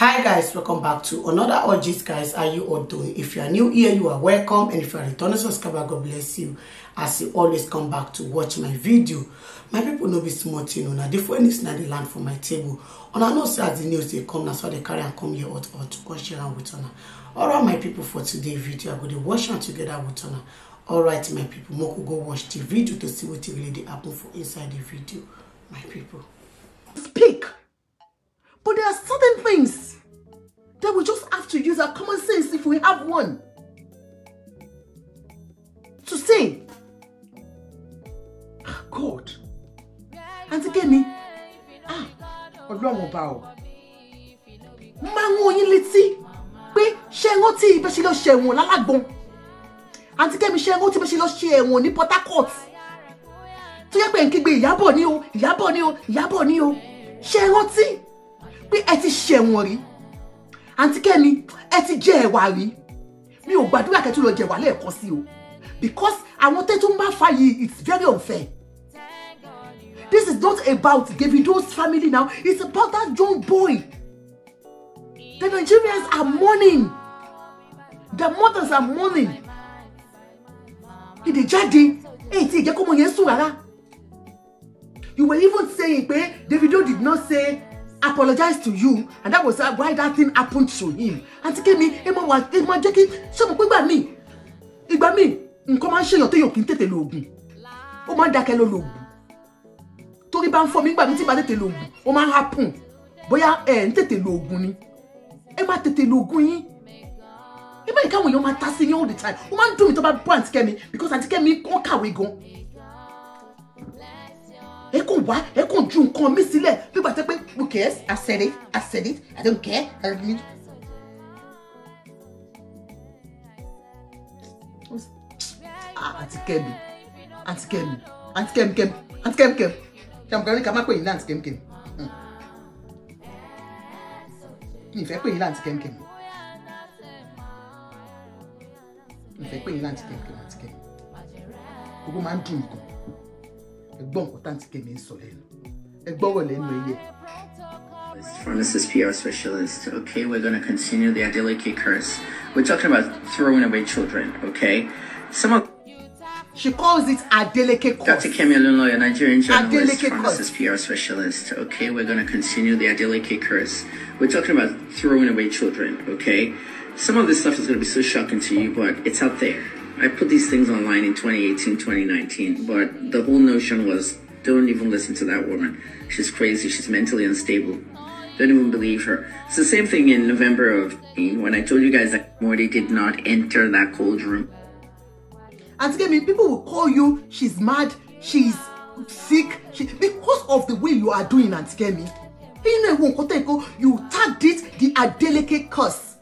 hi guys welcome back to another orgies guys are you all doing if you are new here you are welcome and if you are returning subscriber god bless you as you always come back to watch my video my people no be small thing una the phone is not the land for my table una know say as the news they come na so they carry and come here hot hot come share and with una all right my people for today video i go dey watch am together with una all right my people make go watch the video to see wetin really dey happen for inside the video my people speak But there are certain things that we just have to use our common sense if we have one to say, ah, God, àǹtí Kẹ́mi, ah, ọlọ́run ọba o, máa ń wọ́n yín létí pé ṣé ẹ̀wọ̀n tí ibẹ̀ ṣe lọ ṣe ẹ̀wọ̀n lálágbọ́n àǹtí Kẹ́mi ṣé ẹ̀wọ̀n tí ibẹ̀ ṣe lọ ṣe ẹ̀wọ̀n ní Port Harcourt tó yẹ pé ń kígbe ìyábọ̀ ni o ìyábọ̀ ni o ìyábọ̀ ni o ṣé ẹ̀wọ̀n tí pé ẹ ti ṣẹ̀wọ̀n rí àǹtí kẹ́mi ẹ ti jẹ ẹ̀wà rí mi ò gbàdúrà kẹ́tù lọ jẹ ẹ̀wà lẹ́ẹ̀kan sí o because àwọn tẹ́tù ń bá fa yìí it's very unfair this is not about Davido's family now it's about that young boy the Nigerians are mourning the mothers are mourning èdè jáde èyí tí ìjẹ́kọ́mọ yẹn sùn rárá you were even saying pé Davido did not say Apologize to you and that was uh, why that thing happened to him àti kí ni ẹ máa wà ẹ máa jẹ́ kí ṣé mo pé gbà mí ìgbà mí nǹkan máa ń ṣèyàn téèyàn kì í tètè lo oògùn ó máa ń dákẹ́ ló lo oògùn torí bá ń fọ mi gbà mí tí bá tètè lo oògùn ó máa ń happen bóyá ẹ ń tètè lo oògùn ni ẹ máa tètè lo oògùn yín ẹ má ní káwọn èèyàn máa ta sí yín all the time ó máa ń dùn mí tó bá bọ́ àǹtíkẹ́ mi because àǹtíkẹ́ mi kàn kàwé gan-an ẹ kò wá ẹ kò ju nǹkan mi sílẹ̀ bí bàtẹ́ pé okay I said it I said it I don't care I don't ah, need. àti kẹ́mi àti kẹ́mi àti kẹ́mi kẹ́mi àti kẹ́mi kẹ́mi ṣàmùkà ní ká má pè yín ní àti kẹ́mi kẹ́mi hmm. mi fẹ́ pè yín láti kẹ́mi kẹ́mi mi fẹ́ pè yín láti kẹ́mi kẹ́mi àti kẹ́mi gbogbo máa ń dùn nǹkan. ẹgbọ́n nǹkan tá ti sọ ẹgbọ́n wọ̀ PR specialist. Okay, we're going to continue the Adeleke curse. We're talking about throwing away children, okay? some of She calls it Adeleke curse. Dr. Kemi Olunloyo, Nigerian journalist, Adeleke pharmacist, curse. PR specialist. Okay, we're going to continue the Adeleke curse. We're talking about throwing away children, okay? Some of this stuff is going to be so shocking to you, but it's out there. I put these things online in 2018, 2019, but the whole notion was don't even listen to that woman. She's crazy. She's mentally unstable. Don't even believe her. It's the same thing in November of when I told you guys that Morty did not enter that cold room. And again, people will call you, she's mad, she's sick, she, because of the way you are doing and scare me. You know, you it the Adeleke curse.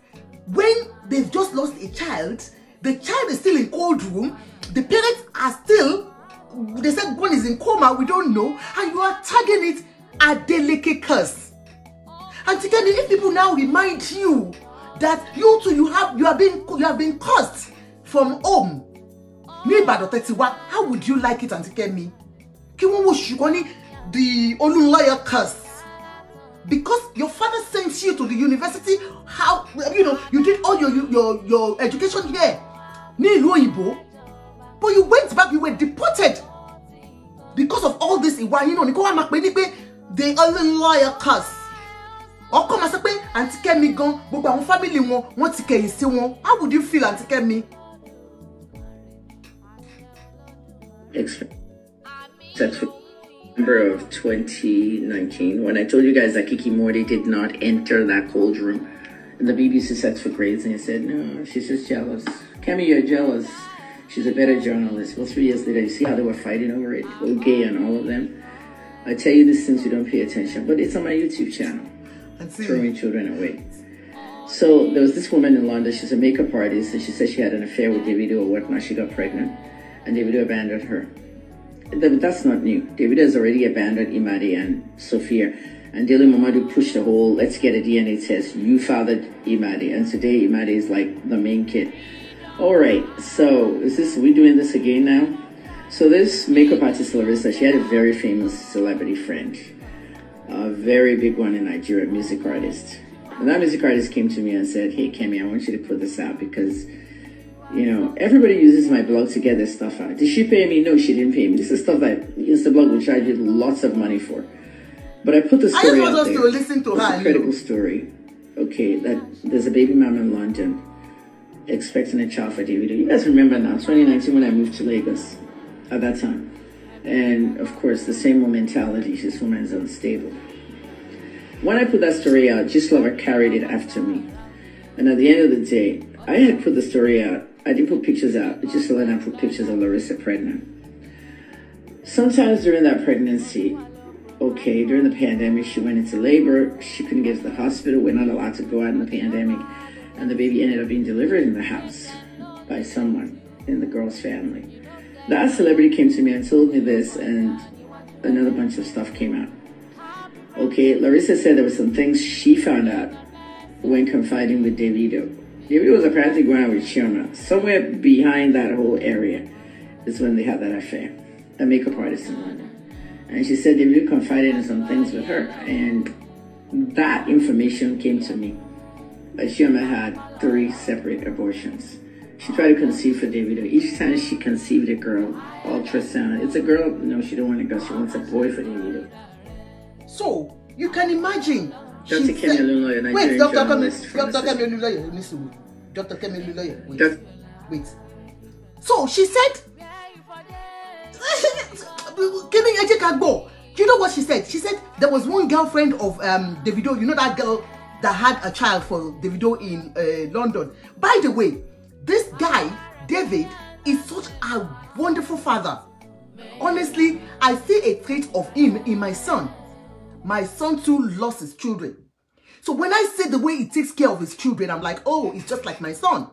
When they've just lost a child, the child is still in cold room the parents are still they said one is in coma we don't know and you are tagging it a adeleke curse and again if people now remind you that you too you have you have been you have been cursed from home Me ní ìbàdàn tẹ́tiwá how would you like it àǹtí kẹ́mi kí wọ́n wo ṣùgbọ́n ní the olùlọ́yọ̀ curse because your father sent you to the university how you know you did all your your your education here. ní but you went back you were deported because of all this ìwà yín náà ní kó wá máa pè ní pé they only lawyer curse ọkọ máa sọ pé àǹtí kẹ́mi gan gbogbo àwọn fámìlì wọn wọ́n ti kẹ̀yìn how would you feel àǹtí kẹ́mi. September of 2019, when I told you guys that Kiki Morty did not enter that cold room, and the BBC said for crazy and I said, No, she's just jealous. Kemi, you're jealous. She's a better journalist. Well, three years later, you see how they were fighting over it, gay and all of them. I tell you this since you don't pay attention, but it's on my YouTube channel. Throwing children away. So there was this woman in London. She's a makeup artist, and she said she had an affair with Davido or whatnot. She got pregnant, and Davido abandoned her. That's not new. Davido has already abandoned Imadi and Sophia. And Daily Mamadou pushed the whole let's get a DNA test. You fathered Imadi. And today Imadi is like the main kid. All right, so is this we doing this again now? So this makeup artist Larissa, she had a very famous celebrity friend, a very big one in Nigeria, music artist. And that music artist came to me and said, "Hey, Kemi, I want you to put this out because." You know, everybody uses my blog to get their stuff out. Did she pay me? No, she didn't pay me. This is stuff that blog will charge you lots of money for. But I put the story I just want us to listen to it's her. a story. Okay, that there's a baby mom in London expecting a child for David. You guys remember now, 2019 when I moved to Lagos at that time. And of course, the same mentality, this woman is unstable. When I put that story out, Gislava carried it after me. And at the end of the day, I had put the story out. I didn't put pictures out. Gislava and I put pictures of Larissa pregnant. Sometimes during that pregnancy, okay, during the pandemic, she went into labor. She couldn't get to the hospital. We're not allowed to go out in the pandemic and the baby ended up being delivered in the house by someone in the girl's family. That celebrity came to me and told me this, and another bunch of stuff came out. Okay, Larissa said there were some things she found out when confiding with Davido. Davido was apparently going out with Shiona. Somewhere behind that whole area is when they had that affair, a makeup artist in London. And she said Davido confided in some things with her, and that information came to me. Ashima had three separate abortions. She tried to conceive for Davido. Each time she conceived a girl, ultrasound. It's a girl. No, she don't want a girl. She wants a boy for Davido. So you can imagine. Dr. Kemi Olunloyo, Nigerian wait, Dr. journalist. Kemi, Dr. Kemi Olunloyo, Dr. Kemi Olunloyo, wait, Dr. wait. So she said, Kemi Ejekagbo. Do you know what she said? She said there was one girlfriend of um, Davido. You know that girl that had a child for Davido in uh, London. By the way, this guy, David, is such a wonderful father. Honestly, I see a trait of him in my son. My son too lost his children. So when I see the way he takes care of his children, I'm like, oh, it's just like my son.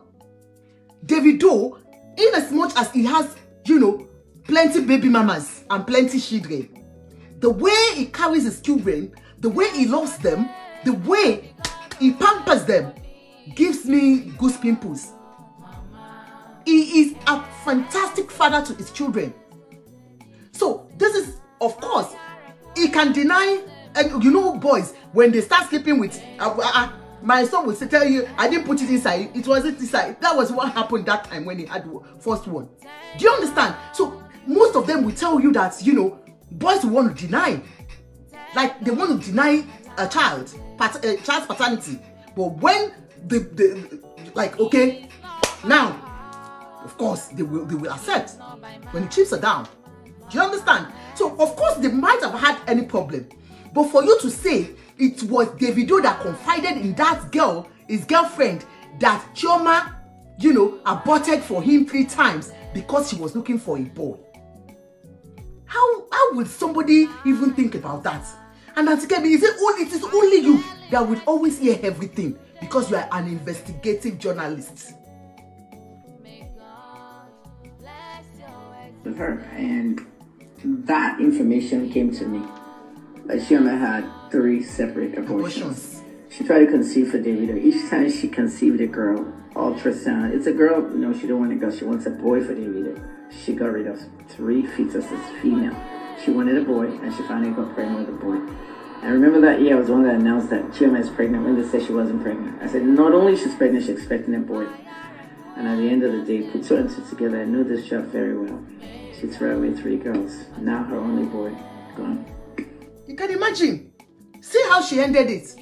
Davido, in as much as he has, you know, plenty baby mamas and plenty children, the way he carries his children, the way he loves them, the way he pampers them, gives me goose pimples. He is a fantastic father to his children. So this is, of course, he can deny. And you know, boys, when they start sleeping with, uh, uh, uh my son will say, tell you, I didn't put it inside. It wasn't inside. That was what happened that time when he had first one. Do you understand? So most of them will tell you that you know, boys want to deny, like they want to deny a child pat uh, eh, child's paternity but when the the like okay now of course they will they will accept when the chips are down do you understand so of course they might have had any problem but for you to say it was davido that confided in that girl his girlfriend that chioma you know aborted for him three times because she was looking for a boy how how would somebody even think about that And Auntie Kemi, Is it only, it is only you that will always hear everything because you are an investigative journalist. With Her and that information came to me. she only had three separate abortions. abortions. She tried to conceive for David. Each time she conceived a girl, ultrasound. It's a girl. No, she don't want a girl. She wants a boy for David. She got rid of three fetuses, female. She wanted a boy, and she finally got pregnant with a boy. I remember that year I was the one that announced that Chioma is pregnant when they said she wasn't pregnant. I said, not only she's pregnant, she's expecting a boy. And at the end of the day, put two and two together, I know this job very well. She threw away three girls. Now her only boy, gone. You can imagine. See how she ended it.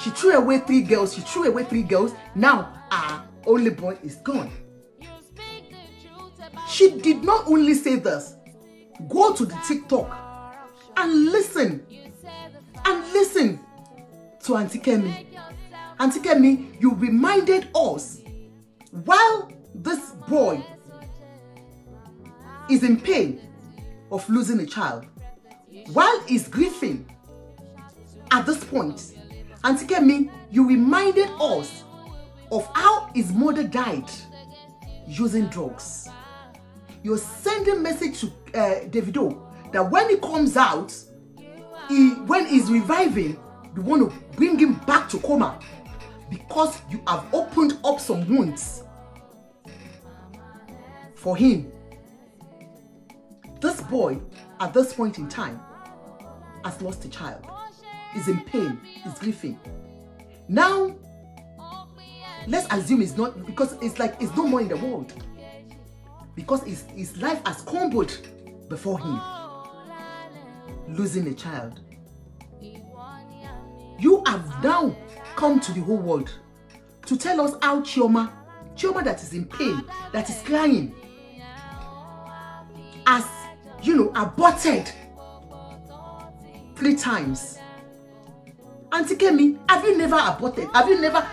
She threw away three girls. She threw away three girls. Now our only boy is gone. She did not only say this, Go to the TikTok and listen. And listen to Auntie Kemi. Auntie Kemi, you reminded us while this boy is in pain of losing a child, while he's grieving at this point, Auntie Kemi, you reminded us of how his mother died using drugs. you're sending message to uh, Davido that when he comes out, he when he's reviving, you want to bring him back to coma because you have opened up some wounds for him. This boy, at this point in time, has lost a child, is in pain, is grieving. Now, let's assume it's not, because it's like, it's no more in the world. because his, his life has crumbled before him. Losing a child. You have now come to the whole world to tell us how Chioma, Chioma that is in pain, that is crying, has, you know, aborted three times. Auntie Kemi, have you never aborted? Have you never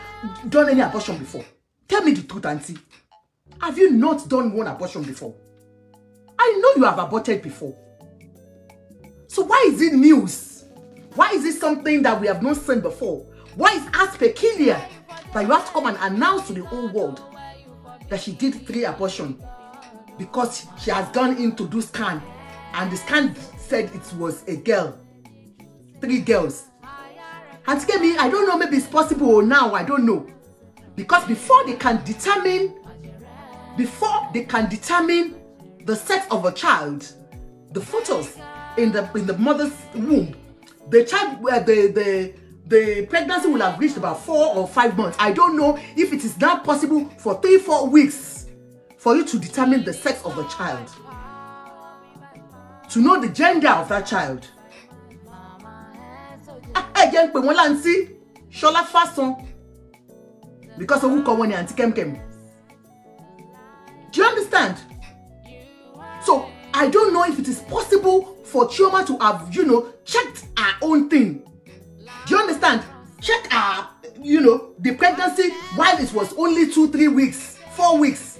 done any abortion before? Tell me the truth, Auntie. Have you not done one abortion before? I know you have aborted before. So why is it news? Why is it something that we have not seen before? Why is as peculiar that you have to come and announce to the whole world that she did three abortion because she has gone into to do scan and the scan said it was a girl. Three girls. And me, I don't know, maybe it's possible now, I don't know. Because before they can determine before they can determine the sex of a child, the fetus in the in the mother's womb, the child uh, the the the pregnancy will have reached about four or five months. I don't know if it is now possible for three four weeks for you to determine the sex of a child, to know the gender of that child. ẹ ah, eh, jẹ́ ń pè wọ́n láǹtí ṣọlá fásán because orúkọ wọn ni àǹtí kẹ́mkẹ́m. Do you understand? So I don't know if it is possible for Chioma to have, you know, checked her own thing. Do you understand? Check her, you know, the pregnancy while it was only two, three weeks, four weeks.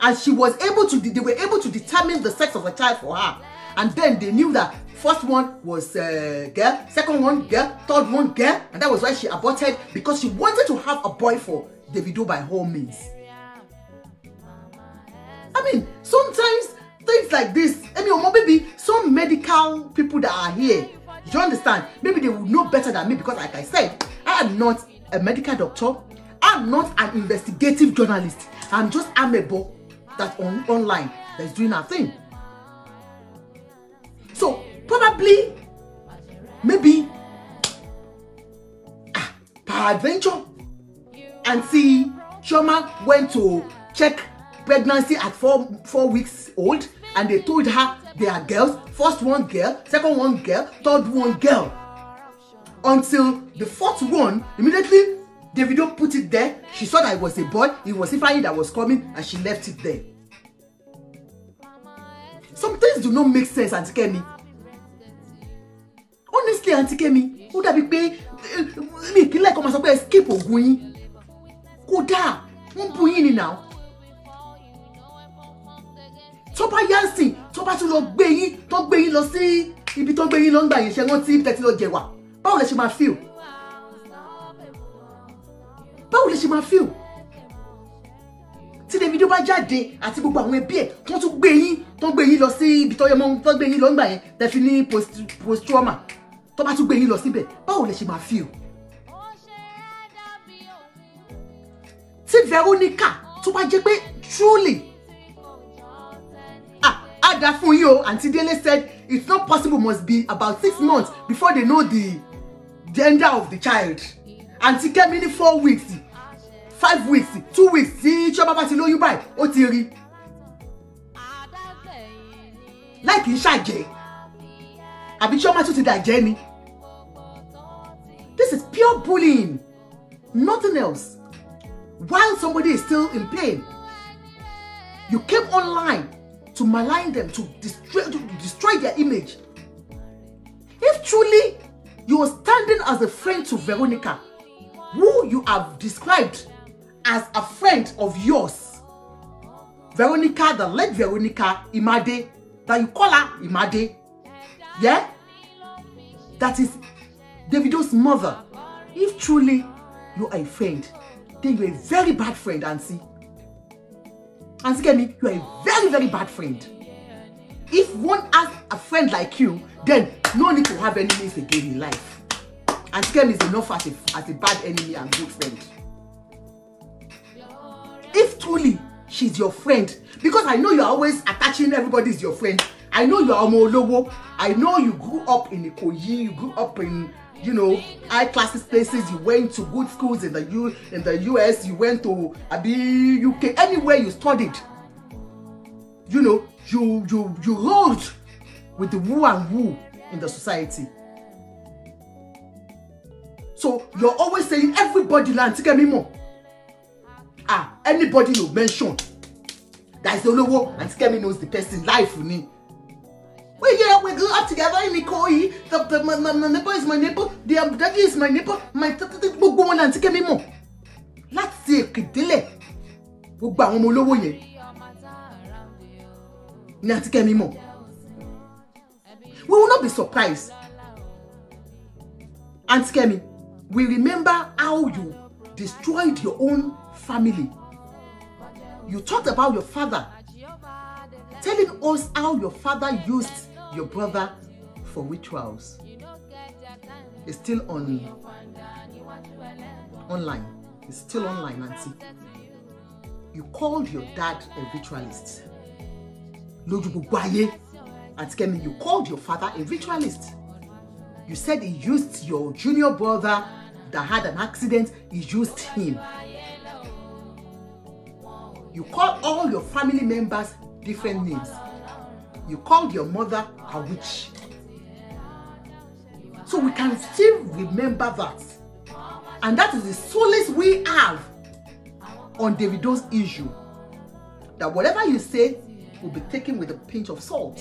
And she was able to, they were able to determine the sex of a child for her. And then they knew that first one was uh, girl, second one girl, third one girl. And that was why she aborted because she wanted to have a boy for Davido by all means. I mean, sometimes things like this, I mean, or maybe some medical people that are here, you understand? Maybe they would know better than me because, like I said, I am not a medical doctor. I'm not an investigative journalist. I'm just amiable that on online that's doing her thing. So probably, maybe, ah, peradventure, and see Shoma went to check pregnancy at four four weeks old and they told her they are girls first one girl second one girl third one girl until the fourth one immediately the video put it there she saw that it was a boy it was Ifeanyi that was coming and she left it there some things do not make sense Auntie Kemi honestly Auntie Kemi ó dàbí pé eh, mi Like, come as a boy, skip ògùn yín kódà wọ́n bu yín ni now tó bá yá sí tó bá tún lọ gbé yín tó gbé yín lọ sí ibi tó gbé yín lọ ń gbà yín ṣe wọ́n tí tẹ́tí lọ jẹ̀wà báwo lẹ ṣe máa feel báwo lẹ ṣe máa feel tí Davido bá jáde àti gbogbo àwọn ẹbí ẹ̀ wọ́n tún gbé yín tó gbé yín lọ sí ibi tó yẹ gbé yín lọ ń gbà yẹn tẹ́fi ní post trauma tó bá tún gbé yín lọ síbẹ̀ báwo lẹ ṣe máa feel. tí Veronica tó bá jẹ́ pé truly wá dá fún yín o àǹtí délé said it's not possible must be about six months before they know the gender of the child àǹtí kẹ́mi ní four weeks five weeks two weeks tí ṣọ́ba bá ti lóyún báyìí ó ti rí láì kì í ṣàjẹ́ àbí ṣọ́ba tún ti dàjẹ́ ni this is pure bullying nothing else while somebody is still in pain you came online to malign them, to destroy, to destroy their image. If truly you are standing as a friend to Veronica, who you have described as a friend of yours, Veronica, the late Veronica Imade, that you call her Imade, yeah? That is Davido's mother. If truly you are a friend, then you're a very bad friend, Auntie. Auntie Kemi, you are a very, very bad friend. If one has a friend like you, then no need to have enemies again in life. And Kemi is enough as a, as a bad enemy and good friend. If truly she's your friend, because I know you're always attaching everybody's your friend, I know you are ọmọ I know you grew up in Ikoyi, you grew up in you know high classes places you went to good schools in the u in the us you went to abi uk anywhere you studied you know you you you rolled with the who and who in the society so you're always saying everybody la me more. ah anybody you mention that and olowo me knows the person life you ni yeah we we're all together in Ikoyi. The, the, my, my, my neighbor is my neighbor, the um, daddy is my neighbor, my tata gbogbo wọn là ń tíkẹ́ mímọ̀. Láti èkè délẹ̀, gbogbo àwọn ọmọ olówó yẹn ni à ń tíkẹ́ mímọ̀. We will not be surprised. Aunty Kemi, we remember how you destroyed your own family. You talked about your father, telling us how your father used your brother for rituals is still on online. It's still online, Nancy. You called your dad a ritualist. Lojubugwaye, Kemi, you called your father a ritualist. You said he used your junior brother that had an accident, he used him. You call all your family members different names you called your mother a witch. So we can still remember that. And that is the solace we have on Davido's issue. That whatever you say will be taken with a pinch of salt.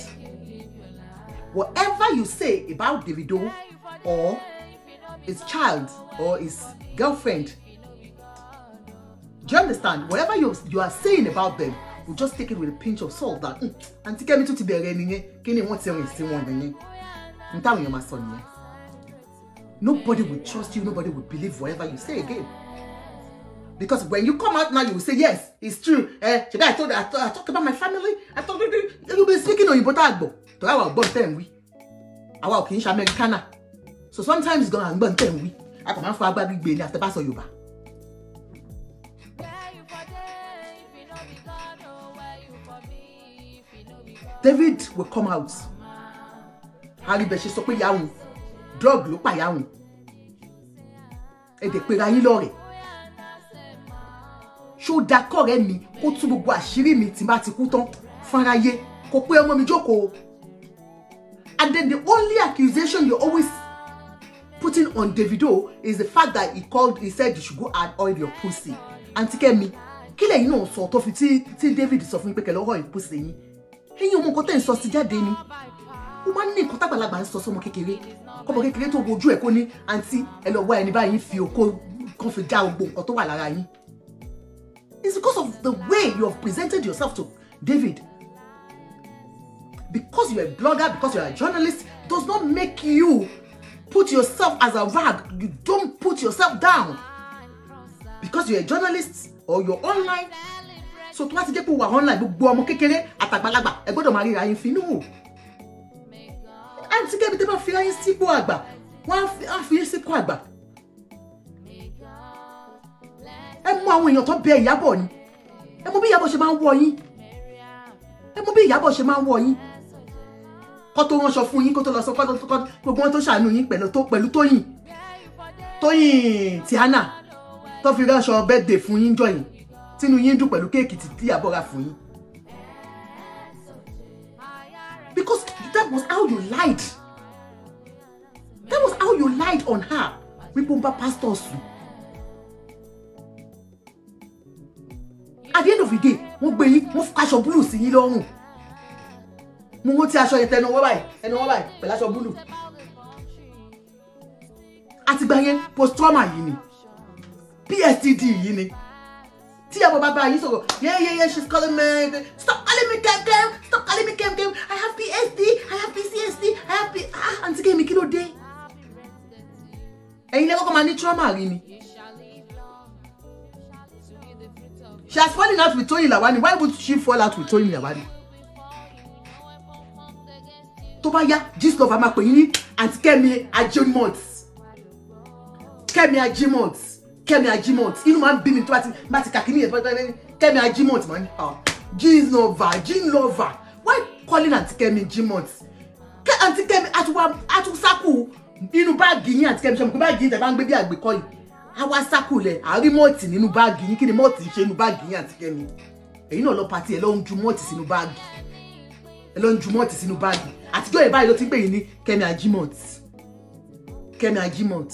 Whatever you say about Davido or his child or his girlfriend, do you understand? Whatever you, you are saying about them we just take it with a pinch of salt that àǹtí hmm, kẹ́mi tún ti bẹ̀rẹ̀ nìyẹn kí ni wọ́n ti rìn sí wọn nìyẹn n táwọn èèyàn my son, nìyẹn nobody will trust you nobody will believe whatever you say again because when you come out now you will say yes it's true eh ṣe i told you i talk, I talk about my family i talk you be speaking on your a gbọ́ tó àwa ọgbọ́n tẹ̀ We, our àwa ò kì í ṣe americana so sometimes gan-an àgbọ̀n tẹ̀ ń wí a kò máa ń fọ agbárí gbé ní àtẹ̀bá sọ yorùbá David will come out àríbẹ̀ṣe sọ pé yahoo drug ló pa yahoo èdè pera yín lọ́rẹ̀ ṣó da kọ́rẹ́ mi kó tú gbogbo àṣírí mi tí bá ti kú tán fáráyé kò pé ọmọ mi jókòó and then the only accusation you always putting on Davido is the fact that he called he said you should go add oil your pussy aunty Kẹ́mi kí lẹ́yìn náà sọ tó fi tí David sọ fún mi pé kẹlẹ ọhọ ìpùsì yín ẹ̀yin ọmọ nǹkan tẹ́ ń sọ sí jáde ni ó máa ń ní nǹkan tágbàlagbà ń sọ sọmọ kékeré kọmọ kékeré tó wojú ẹ̀ kó ní àǹtí ẹ lọ wá ẹni báyìí fi òkó kan fi já gbogbo nǹkan tó wà lára yín it's because of the way you have presented yourself to David because you are a blogger because you are a journalist does not make you put yourself as a rag you don't put yourself down because you are a journalist or you're online so tó bá ti jẹ́ pé wà online gbogbo ọmọ kékeré àtàgbàlagbà ẹ gbọ́dọ̀ máa ríra yín finú àti kẹ́bi tẹ́ bá fi ráyín sípò àgbà wọ́n á fi yín sípò àgbà ẹ mú àwọn èèyàn tó bẹ Ìyábọ̀ ni ẹ mú bí Ìyábọ̀ ṣe máa ń wọ yín ẹ mú bí Ìyábọ̀ ṣe máa ń wọ yín kó tó ránṣọ fún yín kó tó lọ sọ kó gbogbo wọn tó ṣàánú yín pẹ̀lú Tóyìn Tóyìn Tihana tó fi ránṣọ bẹ́ẹ̀dẹ̀ fún yín jọ tínú yín dùn pẹ̀lú kéèkì tí ìyá fún yín because that was how you lied that was how you lied on her wípé ó ń bá pastor sùn at the end of the day wọ́n gbé yín wọ́n aṣọ búlù sí yín lọ́rùn mo rántí aṣọ yẹn tẹnu ọwọ́ báyìí ẹnu ọwọ́ báyìí pẹ̀lú aṣọ búlù àtìgbà yẹn post trauma yìí ni PTSD yìí ni tí àwọn bàbá yìí sọ̀rọ̀ yeah yeah yeah she's calling me stop calling me kem kem stop calling me kem kem I have PhD I have PCSD I have P ah àǹtí kẹ́mi kí ló dé ẹ̀yin lẹ́kọ̀ọ́ máa ní trauma rí ni. she has fallen out with Tony Lawani why would she fall out with Toyin Lawani tó bá yá gist lover máa pè yín ní àǹtí kẹ́mi ajimot kẹ́mi ajimot. Kẹ́mi Ajimot inú máa ń bí mi tó bá ti kàkí ní ìyẹn pẹ́ẹ́pẹ́ẹ́ Kẹ́mi Ajimot máa ń ha jean lover jean lover why calling àti Kẹ́mi Jimot àti Kẹ́mi àtúnṣákù inú báàgì yín àti Kẹ́mi sọmọkú báàgì yín tẹ̀ bá ń gbé bí àgbẹ̀kọ́ yìí àwa sákù lẹ̀ àárí mọ́ọ̀tì nínú báàgì yín kí ni mọ́ọ̀tì ń ṣe nínú báàgì yín àti Kẹ́mi èyí náà lọ pàtí ẹ̀ ló ń ju mọ́ọ̀tì sínú báàgì ẹ̀ ló ń ju mọ́ọ̀tì sínú báàgì àtijọ́ ẹ̀ ló ti ń pè yín ní Kẹ́mi Ajimot Kẹ́mi Ajimot.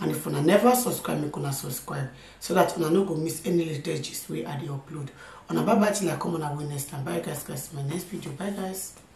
and if una never subscribe make una subscribe so that una no go miss any latest gist wey i dey upload una bye bye till i come una wey next time bye guys guys my next video bye guys